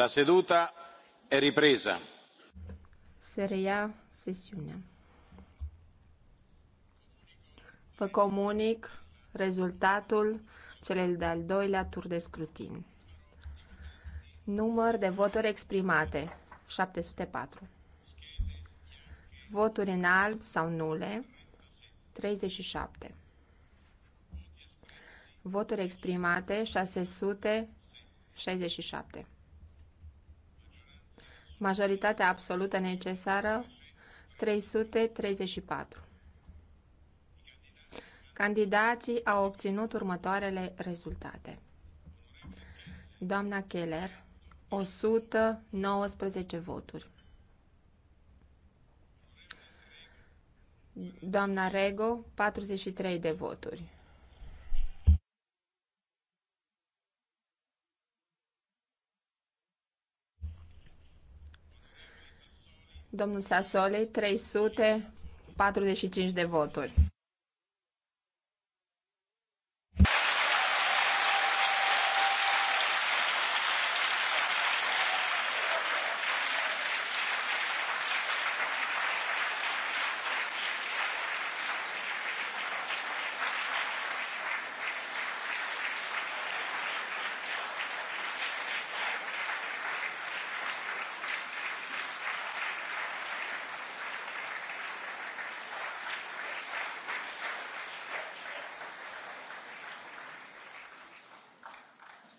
la seduta è ripresa. se reia sesiunea. vă comunic rezultatul celui de-al doilea tur de scrutin. Număr de voturi exprimate 704. Voturi în alb sau nule 37. Voturi exprimate 667 majoritatea absolută necesară 334. Candidații au obținut următoarele rezultate. Doamna Keller, 119 voturi. Doamna Rego, 43 de voturi. Domnul Sasoli, 345 de voturi.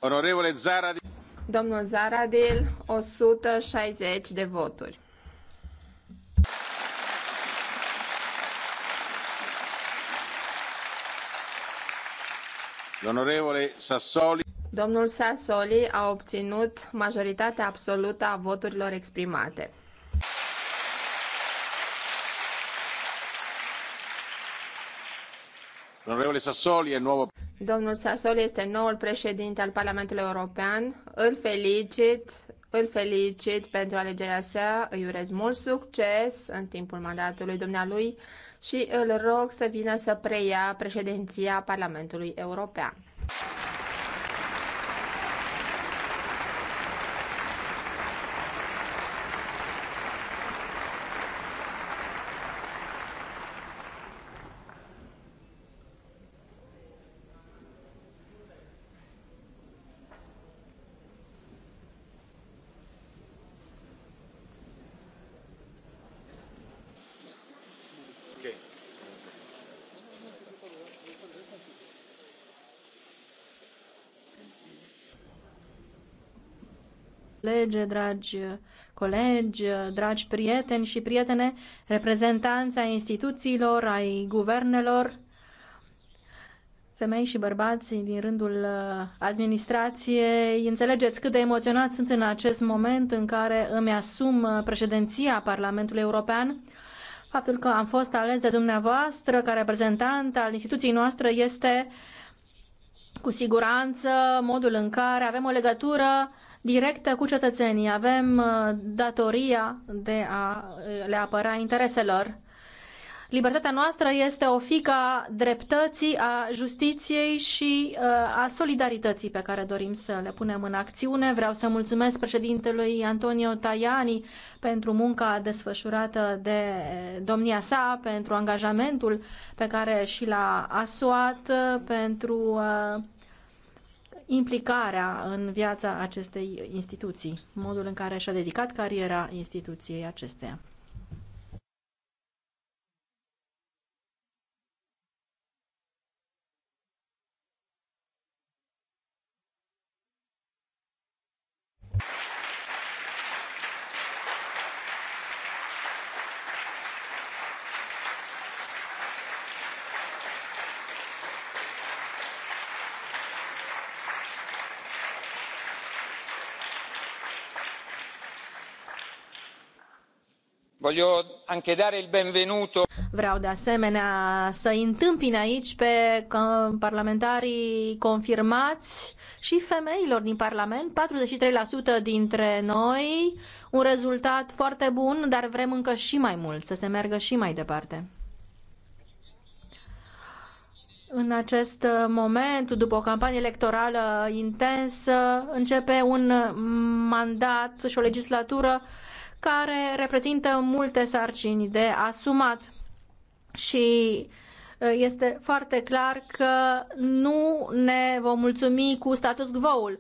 Onorevole Zaradil. Domnul Zaradil, 160 de voturi. Onorevole Sassoli. Domnul Sassoli a obținut majoritatea absolută a voturilor exprimate. Onorevole Sassoli e nuovo Domnul Sassoli este noul președinte al Parlamentului European. Îl felicit, îl felicit pentru alegerea sa, îi urez mult succes în timpul mandatului dumnealui și îl rog să vină să preia președinția Parlamentului European. colege, dragi colegi, dragi prieteni și prietene, reprezentanți ai instituțiilor, ai guvernelor, femei și bărbați din rândul uh, administrației. Înțelegeți cât de emoționat sunt în acest moment în care îmi asum uh, președinția Parlamentului European. Faptul că am fost ales de dumneavoastră ca reprezentant al instituției noastre este cu siguranță modul în care avem o legătură directă cu cetățenii. Avem uh, datoria de a uh, le apăra intereselor. Libertatea noastră este o fică a dreptății, a justiției și uh, a solidarității pe care dorim să le punem în acțiune. Vreau să mulțumesc președintelui Antonio Tajani pentru munca desfășurată de domnia sa, pentru angajamentul pe care și l-a asuat, pentru implicarea în viața acestei instituții, modul în care și-a dedicat cariera instituției acesteia. Vreau de asemenea să îi întâmpin aici pe parlamentarii confirmați și femeilor din Parlament, 43% dintre noi, un rezultat foarte bun, dar vrem încă și mai mult, să se meargă și mai departe. În acest moment, după o campanie electorală intensă, începe un mandat și o legislatură care reprezintă multe sarcini de asumat și este foarte clar că nu ne vom mulțumi cu status quo-ul.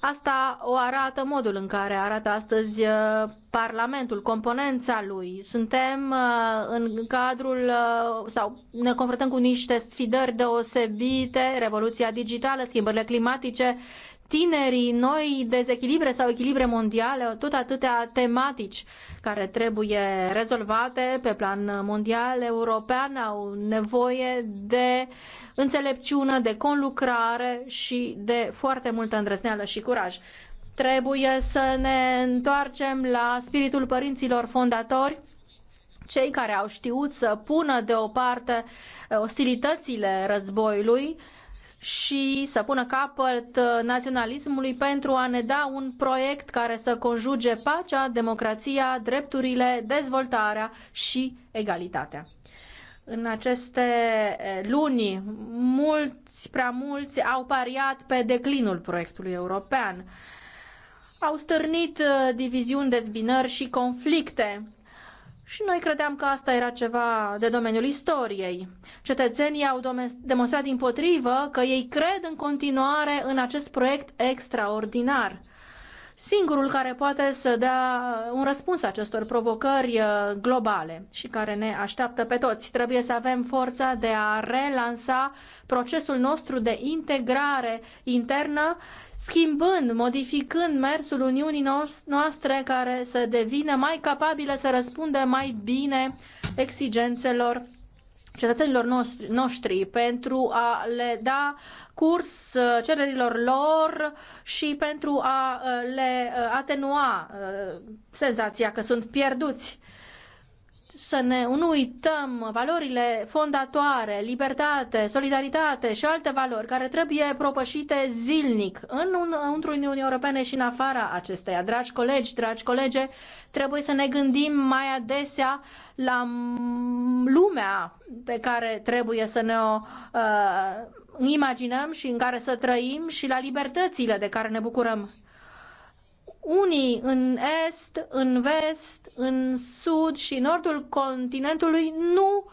Asta o arată modul în care arată astăzi Parlamentul, componența lui. Suntem în cadrul sau ne confruntăm cu niște sfidări deosebite, revoluția digitală, schimbările climatice tinerii, noi dezechilibre sau echilibre mondiale, tot atâtea tematici care trebuie rezolvate pe plan mondial, european, au nevoie de înțelepciune, de conlucrare și de foarte multă îndrăzneală și curaj. Trebuie să ne întoarcem la spiritul părinților fondatori, cei care au știut să pună deoparte eh, ostilitățile războiului și să pună capăt uh, naționalismului pentru a ne da un proiect care să conjuge pacea, democrația, drepturile, dezvoltarea și egalitatea. În aceste eh, luni, mulți, prea mulți au pariat pe declinul proiectului european. Au stârnit eh, diviziuni, dezbinări și conflicte și noi credeam că asta era ceva de domeniul istoriei. Cetățenii au demonstrat din potrivă că ei cred în continuare în acest proiect extraordinar singurul care poate să dea un răspuns acestor provocări uh, globale și care ne așteaptă pe toți. Trebuie să avem forța de a relansa procesul nostru de integrare internă, schimbând, modificând mersul Uniunii noastre care să devină mai capabilă să răspundă mai bine exigențelor cetățenilor noștri, noștri pentru a le da curs uh, cererilor lor și pentru a uh, le uh, atenua senzația că sunt pierduți să ne, nu uităm valorile fondatoare, libertate, solidaritate și alte valori care trebuie propășite zilnic în înăuntru Uniunii Europene și în afara acesteia. Dragi colegi, dragi colege, trebuie să ne gândim mai adesea la lumea pe care trebuie să ne o uh, imaginăm și în care să trăim și la libertățile de care ne bucurăm unii în est, în vest, în sud și nordul continentului nu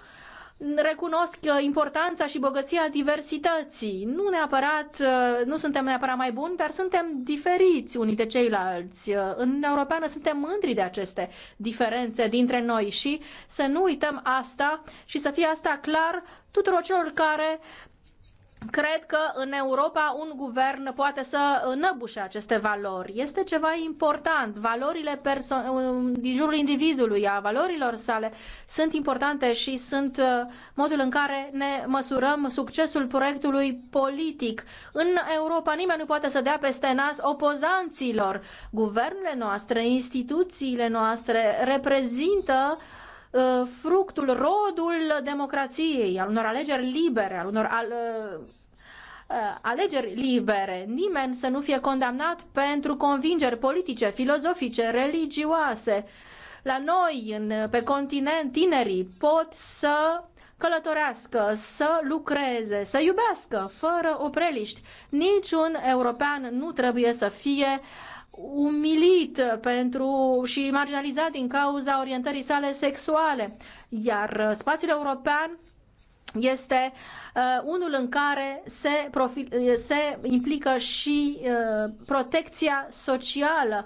recunosc uh, importanța și bogăția diversității. Nu neapărat, uh, nu suntem neapărat mai buni, dar suntem diferiți unii de ceilalți. Uh, în Europeană suntem mândri de aceste diferențe dintre noi și să nu uităm asta și să fie asta clar tuturor celor care Cred că în Europa un guvern poate să înăbușe aceste valori. Este ceva important. Valorile din jurul individului, a valorilor sale, sunt importante și sunt uh, modul în care ne măsurăm succesul proiectului politic. În Europa nimeni nu poate să dea peste nas opozanților. Guvernele noastre, instituțiile noastre reprezintă uh, Uh, fructul, rodul democrației, al unor alegeri libere, al unor al, uh, uh, alegeri libere, nimeni să nu fie condamnat pentru convingeri politice, filozofice, religioase. La noi, în, pe continent, tinerii pot să călătorească, să lucreze, să iubească, fără opreliști. Niciun european nu trebuie să fie uh, umilit pentru și marginalizat din cauza orientării sale sexuale. Iar uh, spațiul european este uh, unul în care se, profil, uh, se implică și uh, protecția socială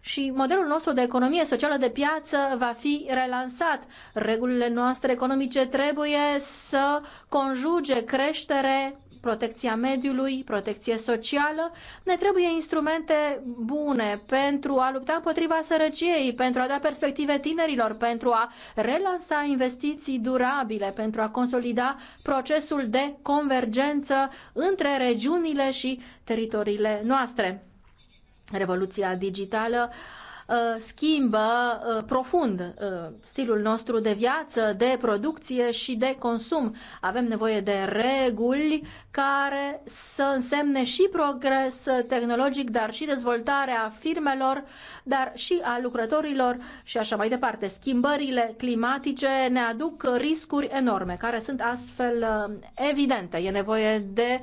și modelul nostru de economie socială de piață va fi relansat. Regulile noastre economice trebuie să conjuge creștere protecția mediului, protecție socială. Ne trebuie instrumente bune pentru a lupta împotriva sărăciei, pentru a da perspective tinerilor, pentru a relansa investiții durabile, pentru a consolida procesul de convergență între regiunile și teritoriile noastre. Revoluția digitală uh, Uh, schimbă uh, profund uh, stilul nostru de viață, de producție și de consum. Avem nevoie de reguli care să însemne și progres tehnologic, dar și dezvoltarea firmelor, dar și a lucrătorilor și așa mai departe. Schimbările climatice ne aduc riscuri enorme, care sunt astfel evidente. E nevoie de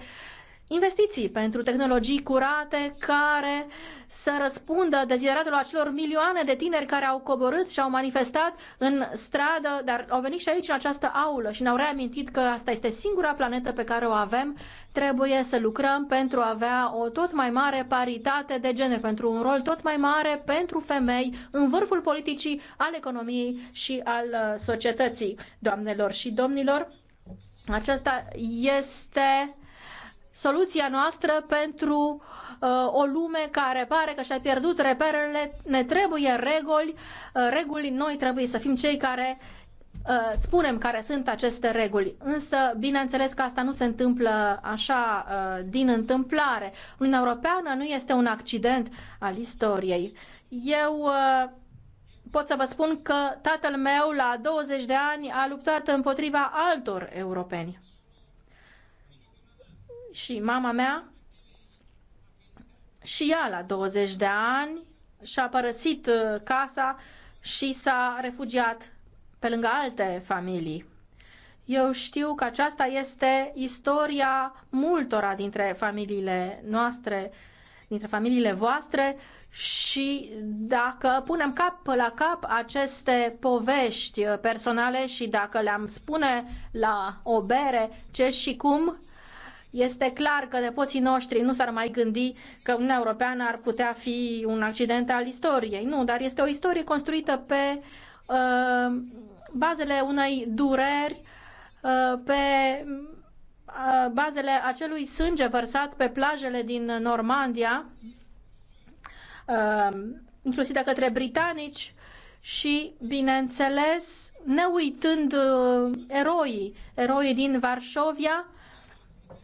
investiții pentru tehnologii curate care să răspundă dezideratelor acelor milioane de tineri care au coborât și au manifestat în stradă, dar au venit și aici în această aulă și ne-au reamintit că asta este singura planetă pe care o avem. Trebuie să lucrăm pentru a avea o tot mai mare paritate de gen pentru un rol tot mai mare pentru femei în vârful politicii, al economiei și al uh, societății, doamnelor și domnilor. Aceasta este soluția noastră pentru uh, o lume care pare că și-a pierdut reperele. Ne trebuie reguli, uh, reguli noi trebuie să fim cei care uh, spunem care sunt aceste reguli. Însă, bineînțeles că asta nu se întâmplă așa din întâmplare. Uniunea Europeană nu este un accident al istoriei. Eu pot să vă spun că tatăl meu, la 20 de ani, a luptat împotriva altor europeni și mama mea și ea la 20 de ani și-a părăsit uh, casa și s-a refugiat pe lângă alte familii. Eu știu că aceasta este istoria multora dintre familiile noastre, dintre familiile voastre și dacă punem cap la cap aceste povești uh, personale și dacă le-am spune la o bere ce și cum, este clar că nepoții noștri nu s-ar mai gândi că Uniunea Europeană ar putea fi un accident al istoriei. Nu, dar este o istorie construită pe uh, bazele unei dureri, uh, pe uh, bazele acelui sânge vărsat pe plajele din Normandia, uh, inclusiv de către britanici, și, bineînțeles, ne uitând uh, eroii, eroii din Varșovia,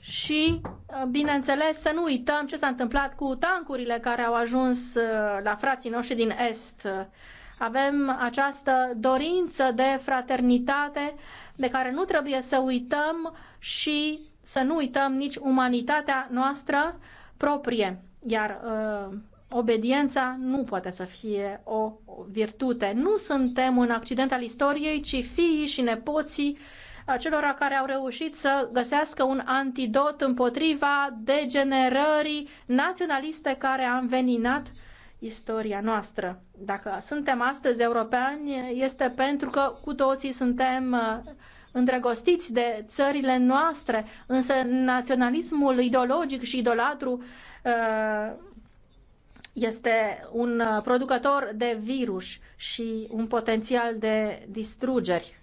și, uh, bineînțeles, să nu uităm ce s-a întâmplat cu tancurile care au ajuns uh, la frații noștri din Est. Avem această dorință de fraternitate de care nu trebuie să uităm și să nu uităm nici umanitatea noastră proprie. Iar uh, obediența nu poate să fie o virtute. Nu suntem un accident al istoriei, ci fiii și nepoții uh, acelora care au reușit să găsească un antidot împotriva degenerării naționaliste care a înveninat istoria noastră. Dacă suntem astăzi europeni, este pentru că cu toții suntem uh, îndrăgostiți de țările noastre, însă naționalismul ideologic și idolatru uh, este un uh, producător de virus și un potențial de distrugeri.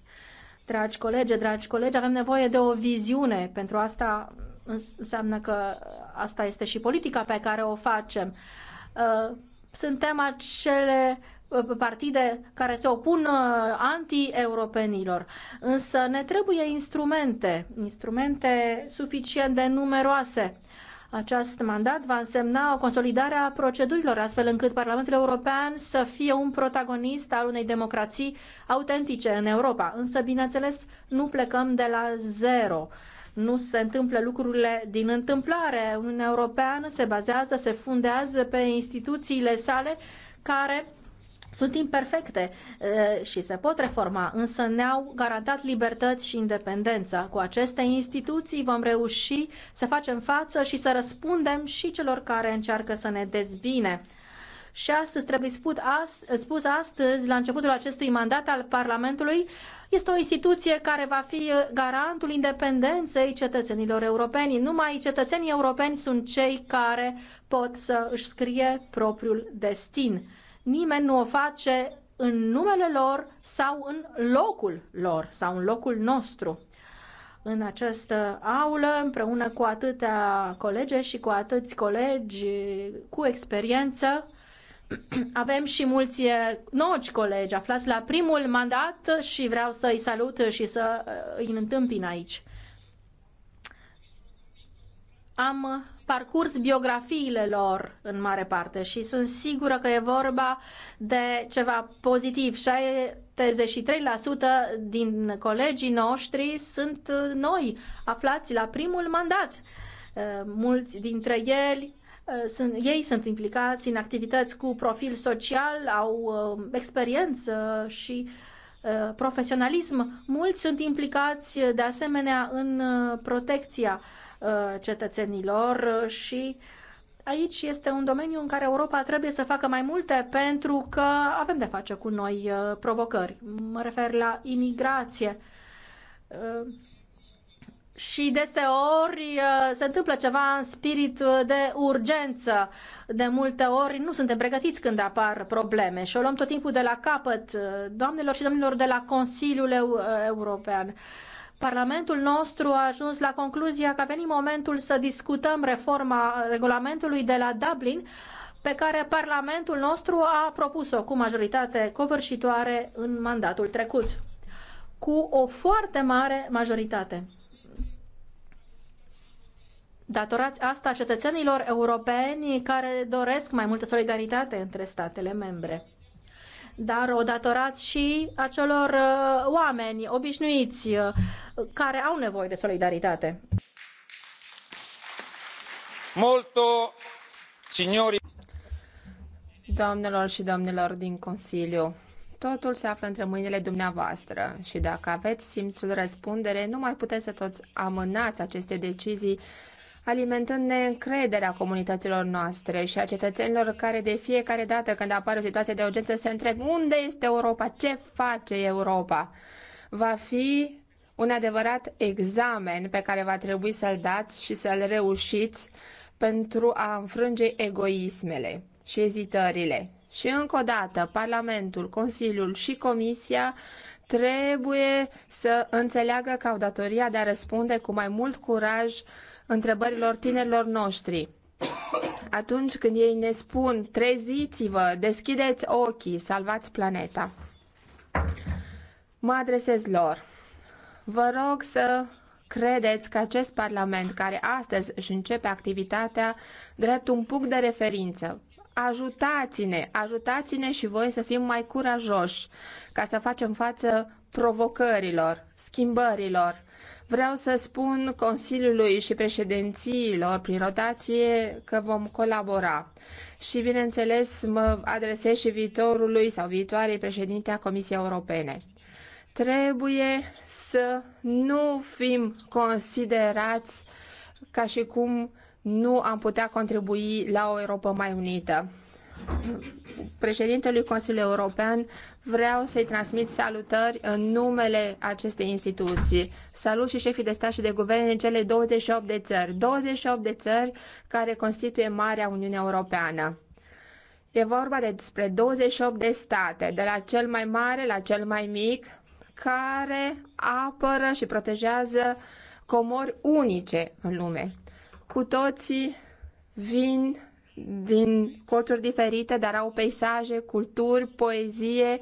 Dragi colegi, dragi colegi, avem nevoie de o viziune. Pentru asta înseamnă că asta este și politica pe care o facem. Uh, suntem acele uh, partide care se opun uh, anti-europenilor. Însă ne trebuie instrumente, instrumente suficient de numeroase acest mandat va însemna o consolidare a procedurilor, astfel încât Parlamentul European să fie un protagonist al unei democrații autentice în Europa. Însă, bineînțeles, nu plecăm de la zero nu se întâmplă lucrurile din întâmplare. Uniunea Europeană se bazează, se fundează pe instituțiile sale care sunt imperfecte eh, și se pot reforma, însă ne-au garantat libertăți și independența. Cu aceste instituții vom reuși să facem față și să răspundem și celor care încearcă să ne dezbine. Și astăzi trebuie spus, azi, spus astăzi, la începutul acestui mandat al Parlamentului, este o instituție care va fi garantul independenței cetățenilor europeni. Numai cetățenii europeni sunt cei care pot să își scrie propriul destin nimeni nu o face în numele lor sau în locul lor sau în locul nostru. În această aulă, împreună cu atâtea colege și cu atâți colegi cu experiență, avem și mulți eh, noci colegi aflați la primul mandat și vreau să-i salut și să eh, îi întâmpin aici am uh, parcurs biografiile lor în mare parte și sunt sigură că e vorba de ceva pozitiv. 73% din colegii noștri sunt uh, noi, aflați la primul mandat. Uh, mulți dintre ei sunt, ei sunt implicați în activități cu profil social, au experiență și profesionalism. Mulți sunt implicați de asemenea în protecția Uh, cetățenilor și aici este un domeniu în care Europa trebuie să facă mai multe pentru că avem de face cu noi uh, provocări. Mă refer la imigrație. Uh, și deseori se întâmplă ceva în spirit de urgență. De multe ori nu suntem pregătiți când apar probleme și o luăm tot timpul de la capăt, doamnelor și domnilor de la Consiliul European. Parlamentul nostru a ajuns la concluzia că a venit momentul să discutăm reforma regulamentului de la Dublin, pe care Parlamentul nostru a propus-o cu majoritate covârșitoare în mandatul trecut, cu o foarte mare majoritate. Datorați asta cetățenilor europeni care doresc mai multă solidaritate între statele membre dar o datorați și acelor uh, oameni obișnuiți uh, care au nevoie de solidaritate. Molto, signori. Doamnelor și domnilor din Consiliu, totul se află între mâinile dumneavoastră și dacă aveți simțul răspundere, nu mai puteți să toți amânați aceste decizii alimentând neîncrederea comunităților noastre și a cetățenilor care de fiecare dată când apare o situație de urgență se întreb unde este Europa, ce face Europa. Va fi un adevărat examen pe care va trebui să-l dați și să-l reușiți pentru a înfrânge egoismele și ezitările. Și încă o dată, Parlamentul, Consiliul și Comisia trebuie să înțeleagă că au datoria de a răspunde cu mai mult curaj întrebărilor tinerilor noștri. Atunci când ei ne spun treziți-vă, deschideți ochii, salvați planeta. Mă adresez lor. Vă rog să credeți că acest Parlament, care astăzi își începe activitatea drept un punct de referință, ajutați-ne, ajutați-ne și voi să fim mai curajoși ca să facem față provocărilor, schimbărilor Vreau să spun Consiliului și președințiilor prin rotație că vom colabora. Și, bineînțeles, mă adresez și viitorului sau viitoarei președinte a Comisiei Europene. Trebuie să nu fim considerați ca și cum nu am putea contribui la o Europa mai unită președintelui Consiliului European, vreau să-i transmit salutări în numele acestei instituții. Salut și șefii de stat și de guvern din cele 28 de țări, 28 de țări care constituie Marea Uniune Europeană. E vorba despre 28 de state, de la cel mai mare la cel mai mic, care apără și protejează comori unice în lume. Cu toții vin din colțuri diferite, dar au peisaje, culturi, poezie,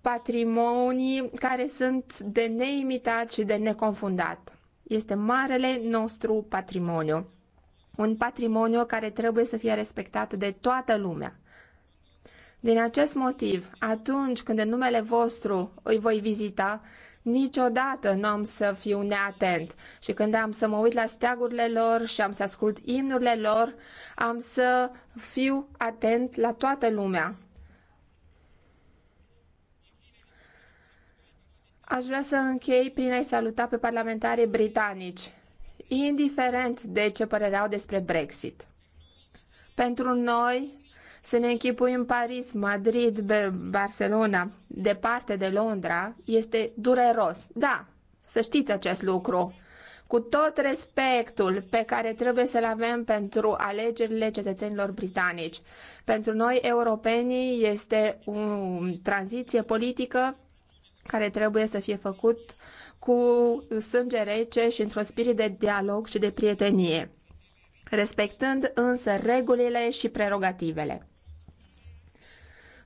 patrimonii care sunt de neimitat și de neconfundat. Este marele nostru patrimoniu. Un patrimoniu care trebuie să fie respectat de toată lumea. Din acest motiv, atunci când în numele vostru îi voi vizita, Niciodată nu am să fiu neatent și când am să mă uit la steagurile lor și am să ascult imnurile lor, am să fiu atent la toată lumea. Aș vrea să închei prin a-i saluta pe parlamentarii britanici, indiferent de ce părere au despre Brexit. Pentru noi, să ne închipuim Paris, Madrid, Barcelona, departe de Londra, este dureros. Da, să știți acest lucru. Cu tot respectul pe care trebuie să-l avem pentru alegerile cetățenilor britanici, pentru noi europenii este o tranziție politică care trebuie să fie făcut cu sânge rece și într-un spirit de dialog și de prietenie respectând însă regulile și prerogativele.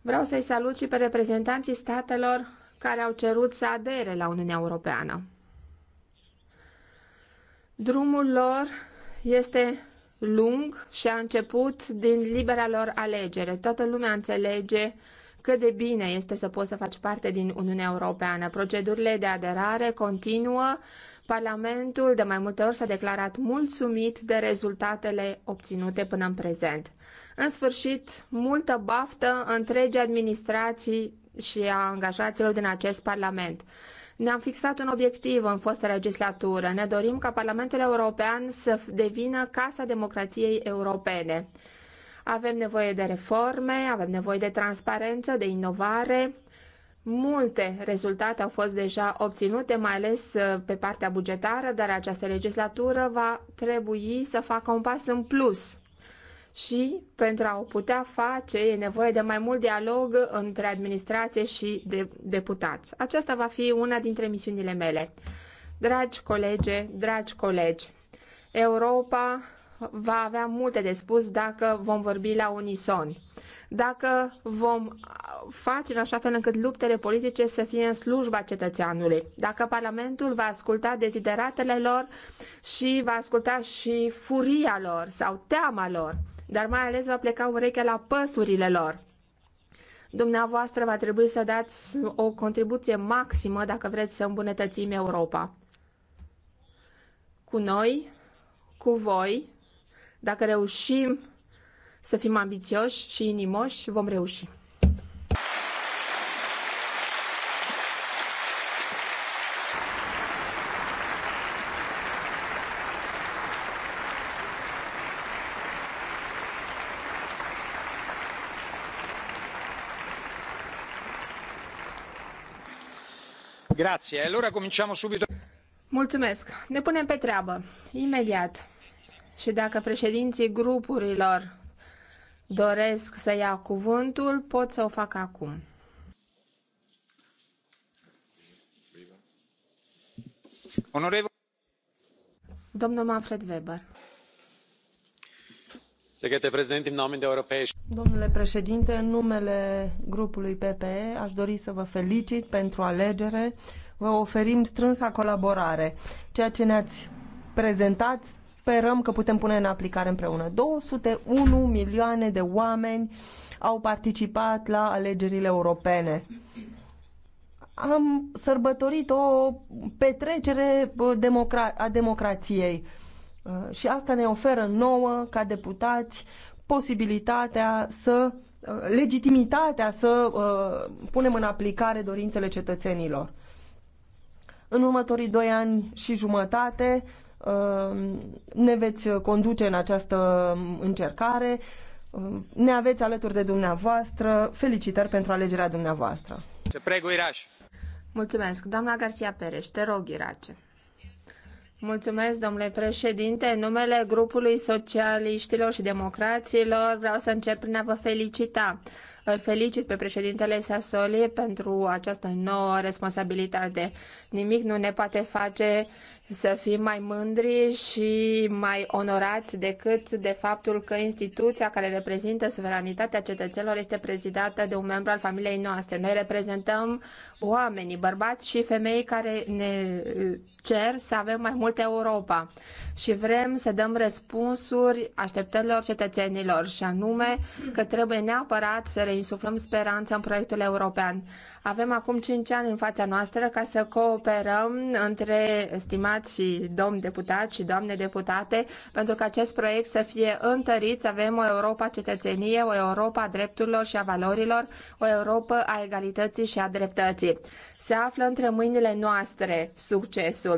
Vreau să-i salut și pe reprezentanții statelor care au cerut să adere la Uniunea Europeană. Drumul lor este lung și a început din libera lor alegere. Toată lumea înțelege cât de bine este să poți să faci parte din Uniunea Europeană. Procedurile de aderare continuă. Parlamentul de mai multe ori s-a declarat mulțumit de rezultatele obținute până în prezent. În sfârșit, multă baftă întregii administrații și a angajaților din acest Parlament. Ne-am fixat un obiectiv în fostă legislatură. Ne dorim ca Parlamentul European să devină Casa Democrației Europene. Avem nevoie de reforme, avem nevoie de transparență, de inovare. Multe rezultate au fost deja obținute, mai ales uh, pe partea bugetară, dar această legislatură va trebui să facă un pas în plus și pentru a o putea face e nevoie de mai mult dialog între administrație și de deputați. Aceasta va fi una dintre misiunile mele. Dragi colege, dragi colegi, Europa va avea multe de spus dacă vom vorbi la unison, dacă vom face în așa fel încât luptele politice să fie în slujba cetățeanului, dacă Parlamentul va asculta dezideratele lor și va asculta și furia lor sau teama lor dar mai ales va pleca urechea la păsurile lor. Dumneavoastră va trebui să dați o contribuție maximă dacă vreți să îmbunătățim Europa. Cu noi, cu voi, dacă reușim să fim ambițioși și inimoși, vom reuși. Mulțumesc. Ne punem pe treabă, imediat. Și dacă președinții grupurilor doresc să ia cuvântul, pot să o fac acum. Domnul Manfred Weber. Domnule președinte, în numele grupului PPE aș dori să vă felicit pentru alegere. Vă oferim strânsa colaborare. Ceea ce ne-ați prezentat sperăm că putem pune în aplicare împreună. 201 milioane de oameni au participat la alegerile europene. Am sărbătorit o petrecere a democrației. Uh, și asta ne oferă nouă, ca deputați, posibilitatea să, uh, legitimitatea să uh, punem în aplicare dorințele cetățenilor. În următorii doi ani și jumătate ne veți conduce în această încercare. Ne aveți alături de dumneavoastră. Felicitări pentru alegerea dumneavoastră. Se pregui, Mulțumesc. Doamna Garcia Pereș, te rog, Irace. Mulțumesc, domnule președinte. În numele grupului socialiștilor și democraților vreau să încep prin a vă felicita. Îl felicit pe președintele Sassoli pentru această nouă responsabilitate. Nimic nu ne poate face să fim mai mândri și mai onorați decât de faptul că instituția care reprezintă suveranitatea cetățenilor este prezidată de un membru al familiei noastre. Noi reprezentăm oamenii, bărbați și femei care ne cer să avem mai multă Europa și vrem să dăm răspunsuri așteptărilor cetățenilor și anume că trebuie neapărat să reinsuflăm speranța în proiectul european. Avem acum 5 ani în fața noastră ca să cooperăm între stimați domni deputați și doamne deputate pentru că acest proiect să fie întărit, să avem o Europa cetățenie, o Europa a drepturilor și a valorilor, o Europa a egalității și a dreptății. Se află între mâinile noastre succesul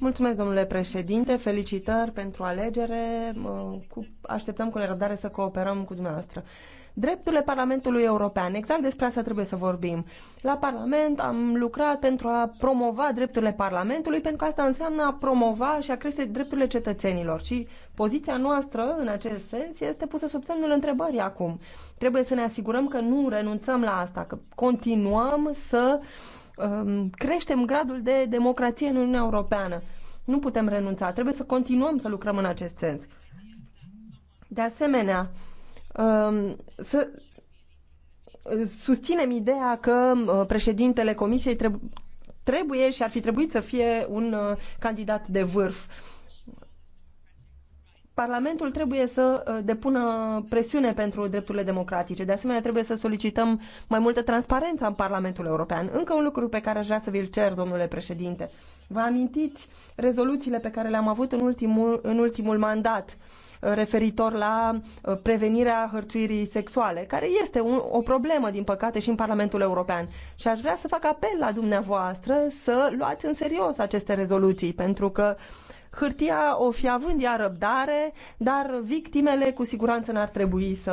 Mulțumesc, domnule președinte felicitări pentru alegere așteptăm cu nerăbdare să cooperăm cu dumneavoastră. Drepturile Parlamentului European, exact despre asta trebuie să vorbim. La Parlament am lucrat pentru a promova drepturile Parlamentului, pentru că asta înseamnă a promova și a crește drepturile cetățenilor. Și poziția noastră, în acest sens, este pusă sub semnul întrebării acum. Trebuie să ne asigurăm că nu renunțăm la asta, că continuăm să uh, um, creștem gradul de democrație în Uniunea Europeană. Nu putem renunța, trebuie să continuăm să lucrăm în acest sens. De asemenea, um, să susținem ideea că uh, președintele Comisiei trebuie și ar fi trebuit să fie un uh, candidat de vârf Parlamentul trebuie să uh, depună presiune pentru drepturile democratice. De asemenea, trebuie să solicităm mai multă transparență în Parlamentul European. Încă un lucru pe care aș vrea să vi-l cer, domnule președinte. Vă amintiți rezoluțiile pe care le-am avut în ultimul, în ultimul mandat uh, referitor la uh, prevenirea hărțuirii sexuale, care este un, o problemă, din păcate, și în Parlamentul European. Și aș vrea să fac apel la dumneavoastră să luați în serios aceste rezoluții, pentru că uh, Hârtia o fi având ea răbdare, dar victimele cu siguranță n-ar trebui să,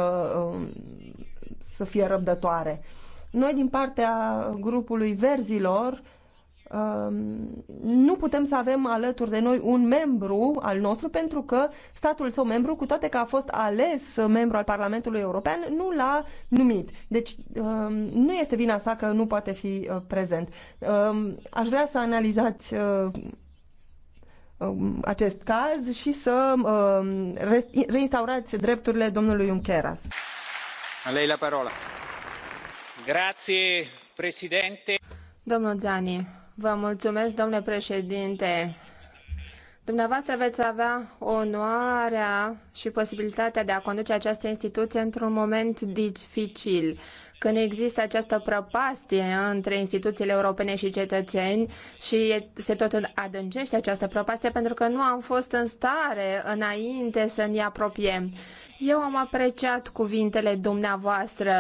um, să fie răbdătoare. Noi, din partea grupului Verzilor, um, nu putem să avem alături de noi un membru al nostru pentru că statul său membru, cu toate că a fost ales membru al Parlamentului European, nu l-a numit. Deci um, nu este vina sa că nu poate fi uh, prezent. Aș vrea să analizați uh, Um, acest caz și să um, reinstaurați drepturile domnului Junqueras. A lei la parola. Grazie, președinte. Domnul Zani, vă mulțumesc, domnule președinte. Dumneavoastră veți avea onoarea și posibilitatea de a conduce această instituție într-un moment dificil când există această prăpastie între instituțiile europene și cetățeni și se tot adâncește această prăpastie pentru că nu am fost în stare înainte să ne apropiem. Eu am apreciat cuvintele dumneavoastră,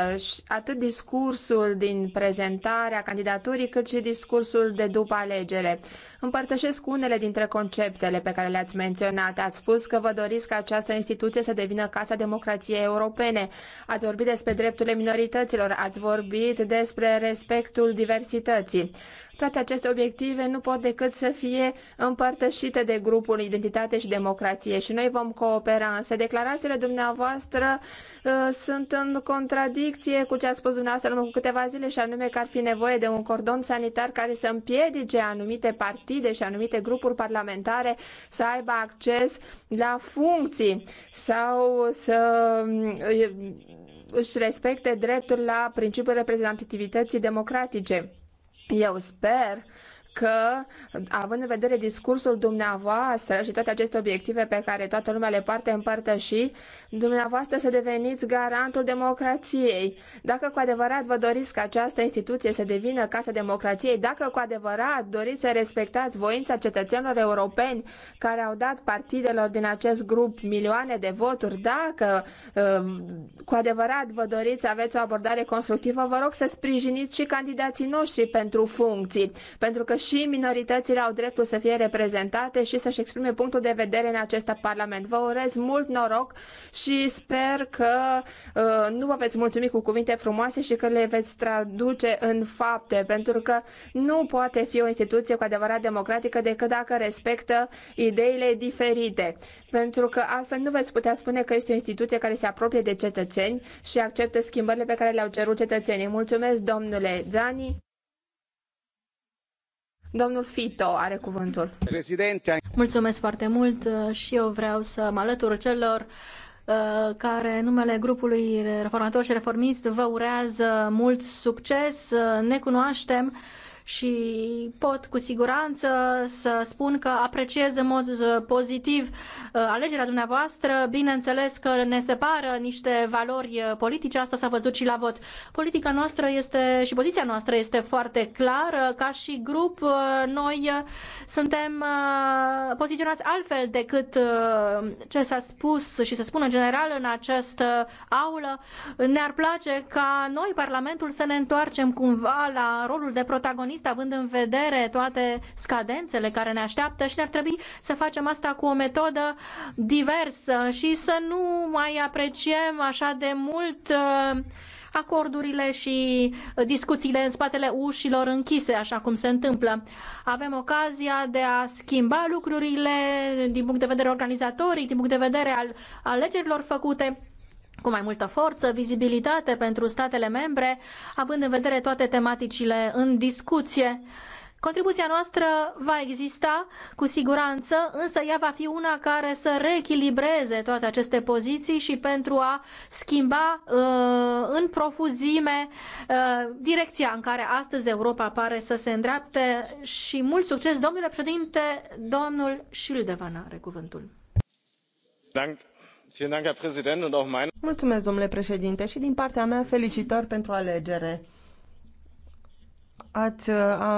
atât discursul din prezentarea candidaturii, cât și discursul de după alegere. Împărtășesc unele dintre conceptele pe care le-ați menționat. Ați spus că vă doriți ca această instituție să devină Casa Democrației Europene. Ați vorbit despre drepturile minorităților, ați vorbit despre respectul diversității. Toate aceste obiective nu pot decât să fie împărtășite de grupul Identitate și Democrație și noi vom coopera, însă declarațiile dumneavoastră uh, sunt în contradicție cu ce a spus dumneavoastră în cu câteva zile și anume că ar fi nevoie de un cordon sanitar care să împiedice anumite partide și anumite grupuri parlamentare să aibă acces la funcții sau să um, își respecte dreptul la principiul reprezentativității democratice. Eu sper că, având în vedere discursul dumneavoastră și toate aceste obiective pe care toată lumea le poate împărtăși, dumneavoastră să deveniți garantul democrației. Dacă cu adevărat vă doriți ca această instituție să devină Casa Democrației, dacă cu adevărat doriți să respectați voința cetățenilor europeni care au dat partidelor din acest grup milioane de voturi, dacă um, cu adevărat vă doriți să aveți o abordare constructivă, vă rog să sprijiniți și candidații noștri pentru funcții, pentru că și și minoritățile au dreptul să fie reprezentate și să-și exprime punctul de vedere în acest Parlament. Vă urez mult noroc și sper că uh, nu vă veți mulțumi cu cuvinte frumoase și că le veți traduce în fapte, pentru că nu poate fi o instituție cu adevărat democratică decât dacă respectă ideile diferite, pentru că altfel nu veți putea spune că este o instituție care se apropie de cetățeni și acceptă schimbările pe care le-au cerut cetățenii. Mulțumesc, domnule Zani. Domnul Fito are cuvântul. Președinte, Mulțumesc foarte mult uh, și eu vreau să mă alătur celor uh, care numele grupului reformator și reformist vă urează mult succes. Uh, ne cunoaștem și pot cu siguranță să spun că apreciez în mod uh, pozitiv uh, alegerea dumneavoastră. Bineînțeles că ne separă niște valori uh, politice, asta s-a văzut și la vot. Politica noastră este și poziția noastră este foarte clară. Ca și grup, noi suntem poziționați altfel decât ce s-a spus și se spune în general în această aulă. Ne-ar place ca noi, Parlamentul, să ne întoarcem cumva la rolul de protagonist optimist, având în vedere toate scadențele care ne așteaptă și ar trebui să facem asta cu o metodă diversă și să nu mai apreciem așa de mult uh, acordurile și discuțiile în spatele ușilor închise, așa cum se întâmplă. Avem ocazia de a schimba lucrurile din punct de vedere organizatorii, din punct de vedere al alegerilor făcute cu mai multă forță, vizibilitate pentru statele membre, având în vedere toate tematicile în discuție. Contribuția noastră va exista cu siguranță, însă ea va fi una care să reechilibreze toate aceste poziții și pentru a schimba uh, în profuzime uh, direcția în care astăzi Europa pare să se îndreapte și mult succes, domnule președinte, domnul Șildevan are cuvântul. Dank Mulțumesc, domnule președinte, și din partea mea felicitări pentru alegere. Ați uh,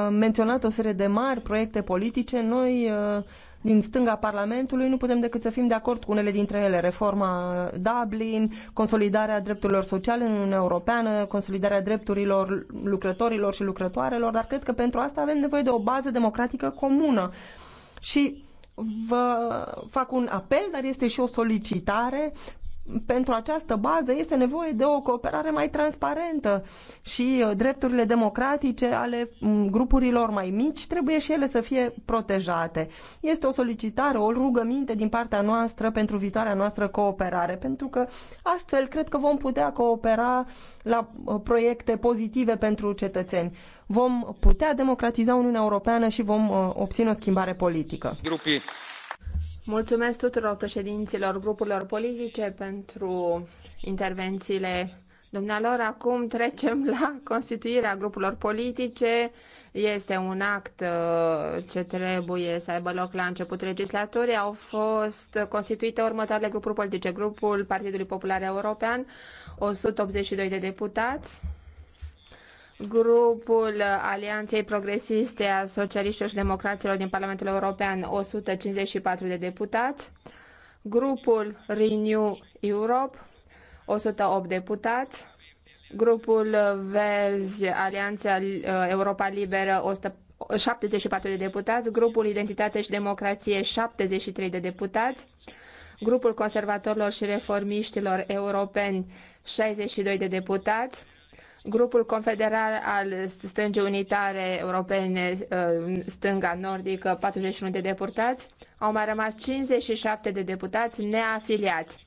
menționat o serie de mari proiecte politice. Noi uh, din stânga Parlamentului nu putem decât să fim de acord cu unele dintre ele. Reforma Dublin, consolidarea drepturilor sociale în Uniunea Europeană, consolidarea drepturilor lucrătorilor și lucrătoarelor, dar cred că pentru asta avem nevoie de o bază democratică comună. Și vă fac un apel, dar este și o solicitare pentru această bază este nevoie de o cooperare mai transparentă și uh, drepturile democratice ale mm, grupurilor mai mici trebuie și ele să fie protejate. Este o solicitare, o rugăminte din partea noastră pentru viitoarea noastră cooperare, pentru că astfel cred că vom putea coopera la uh, proiecte pozitive pentru cetățeni. Vom putea democratiza Uniunea Europeană și vom uh, obține o schimbare politică. Grupii. Mulțumesc tuturor președinților grupurilor politice pentru intervențiile dumnealor. Acum trecem la constituirea grupurilor politice. Este un act uh, ce trebuie să aibă loc la început legislaturii. Au fost constituite următoarele grupuri politice. Grupul Partidului Popular European, 182 de deputați. Grupul Alianței Progresiste a Socialiștilor și Democraților din Parlamentul European 154 de deputați, grupul Renew Europe 108 deputați, grupul Verzi Alianța uh, Europa Liberă 174 de deputați, grupul Identitate și Democrație 73 de deputați, grupul Conservatorilor și Reformiștilor Europeni 62 de deputați, grupul confederal al stângii unitare europene uh, stânga nordică, 41 de deputați, au mai rămas 57 de deputați neafiliați.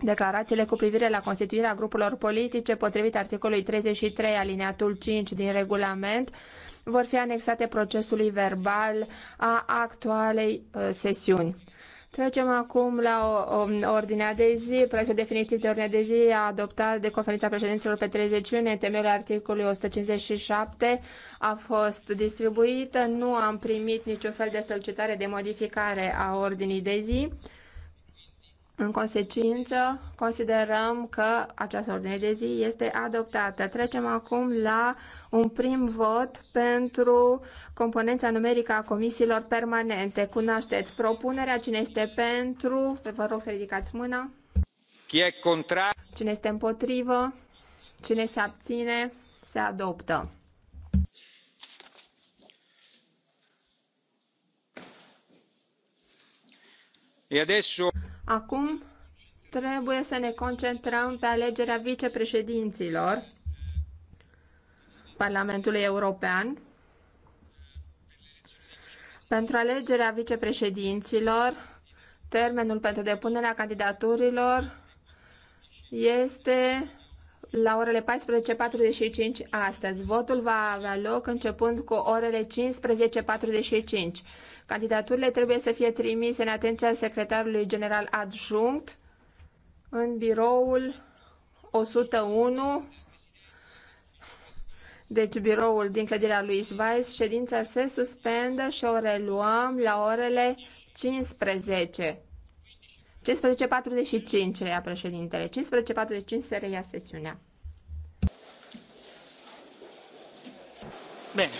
Declarațiile cu privire la constituirea grupurilor politice, potrivit articolului 33 alineatul 5 din regulament, vor fi anexate procesului verbal a actualei uh, sesiuni. Trecem acum la o, o, ordinea de zi. Proiectul definitiv de ordinea de zi a adoptat de conferința președinților pe 30 iunie în articolului 157 a fost distribuită. Nu am primit niciun fel de solicitare de modificare a ordinii de zi. În consecință, considerăm că această ordine de zi este adoptată. Trecem acum la un prim vot pentru componența numerică a comisiilor permanente. Cunoașteți propunerea, cine este pentru, vă rog să ridicați mâna. Cine este împotrivă, cine se abține, se adoptă. E adesso... Acum trebuie să ne concentrăm pe alegerea vicepreședinților Parlamentului European. Pentru alegerea vicepreședinților, termenul pentru depunerea candidaturilor este la orele 14.45 astăzi. Votul va avea loc începând cu orele 15.45. Candidaturile trebuie să fie trimise în atenția secretarului general adjunct în biroul 101, deci biroul din clădirea lui Weiss, ședința se suspendă și o reluăm la orele 15. 15.45 reia președintele. 15.45 se reia sesiunea. Bine.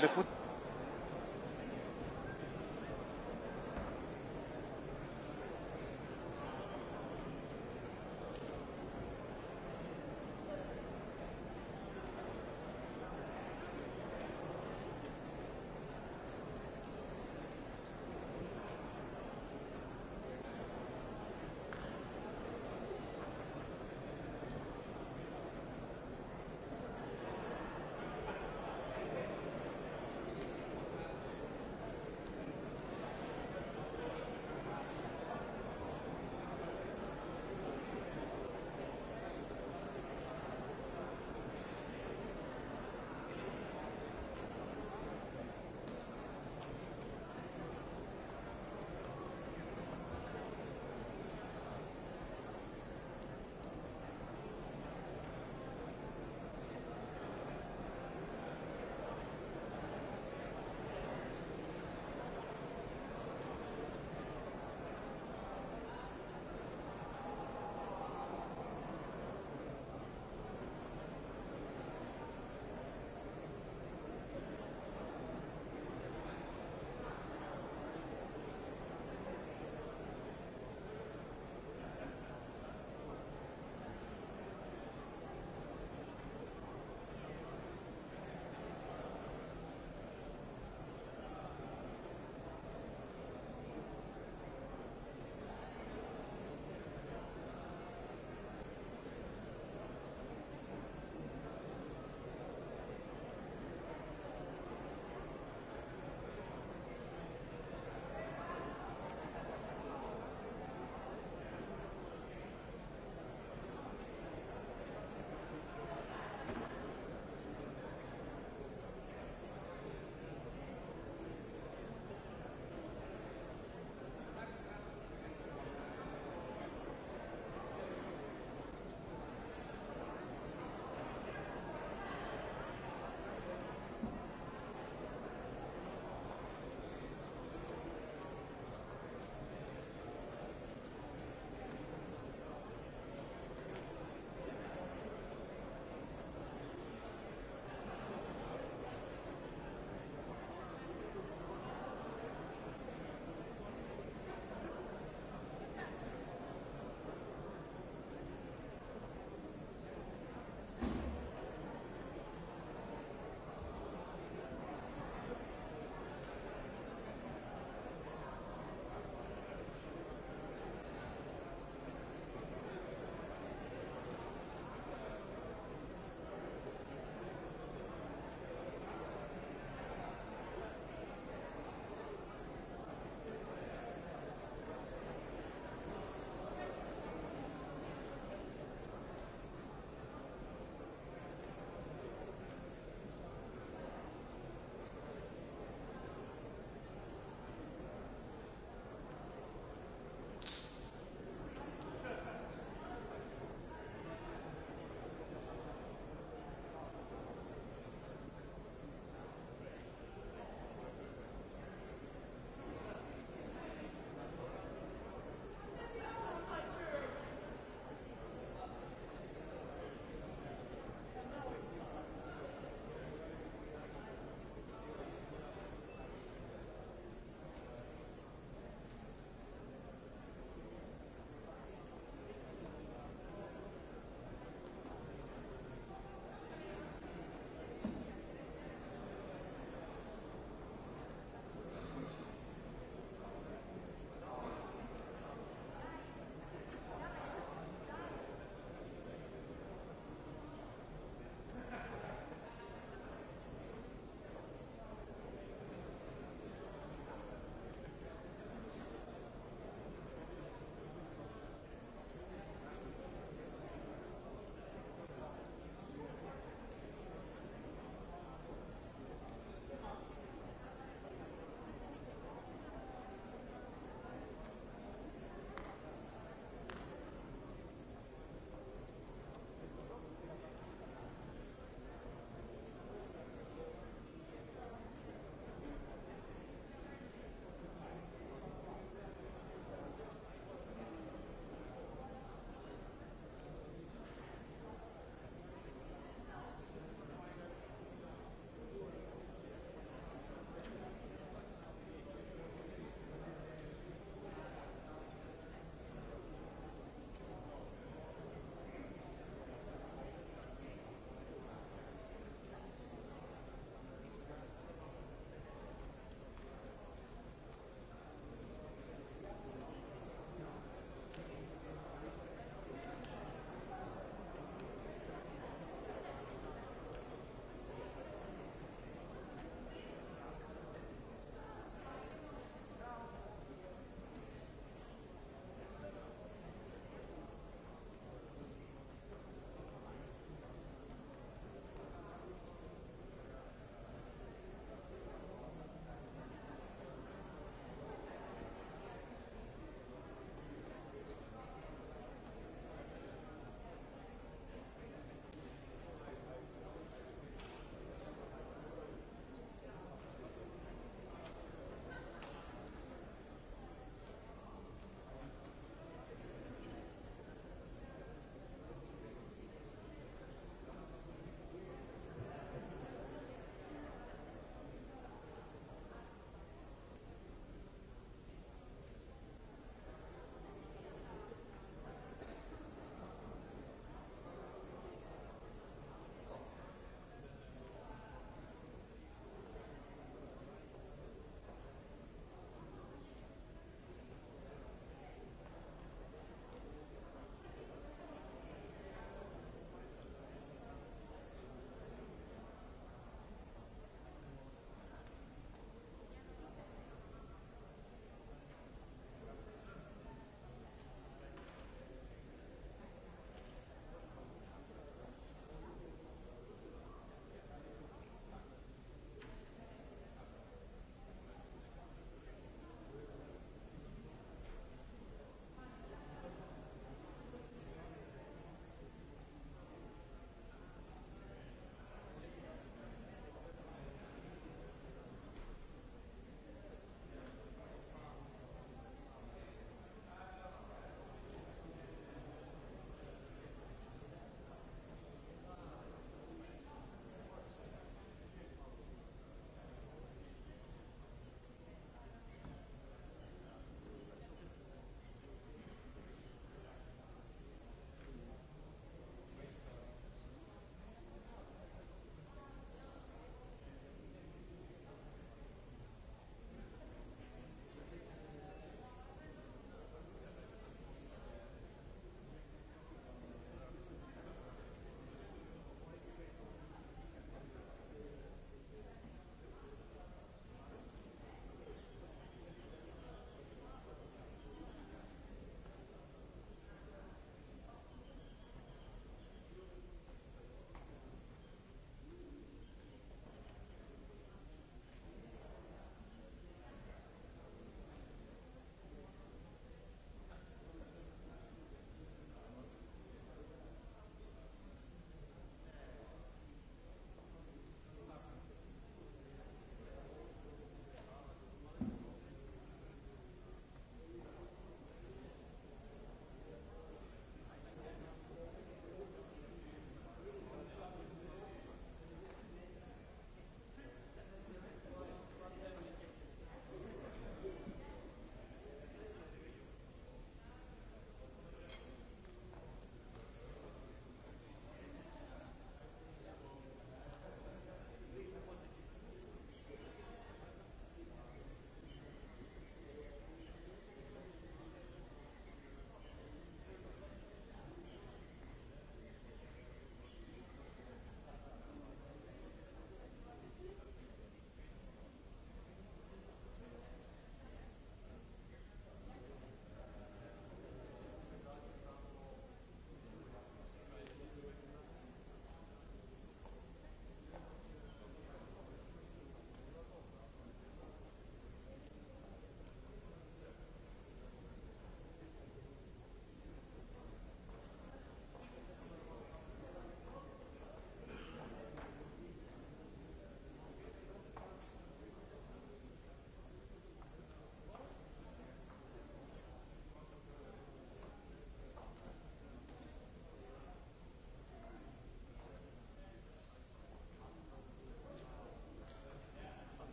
deputat.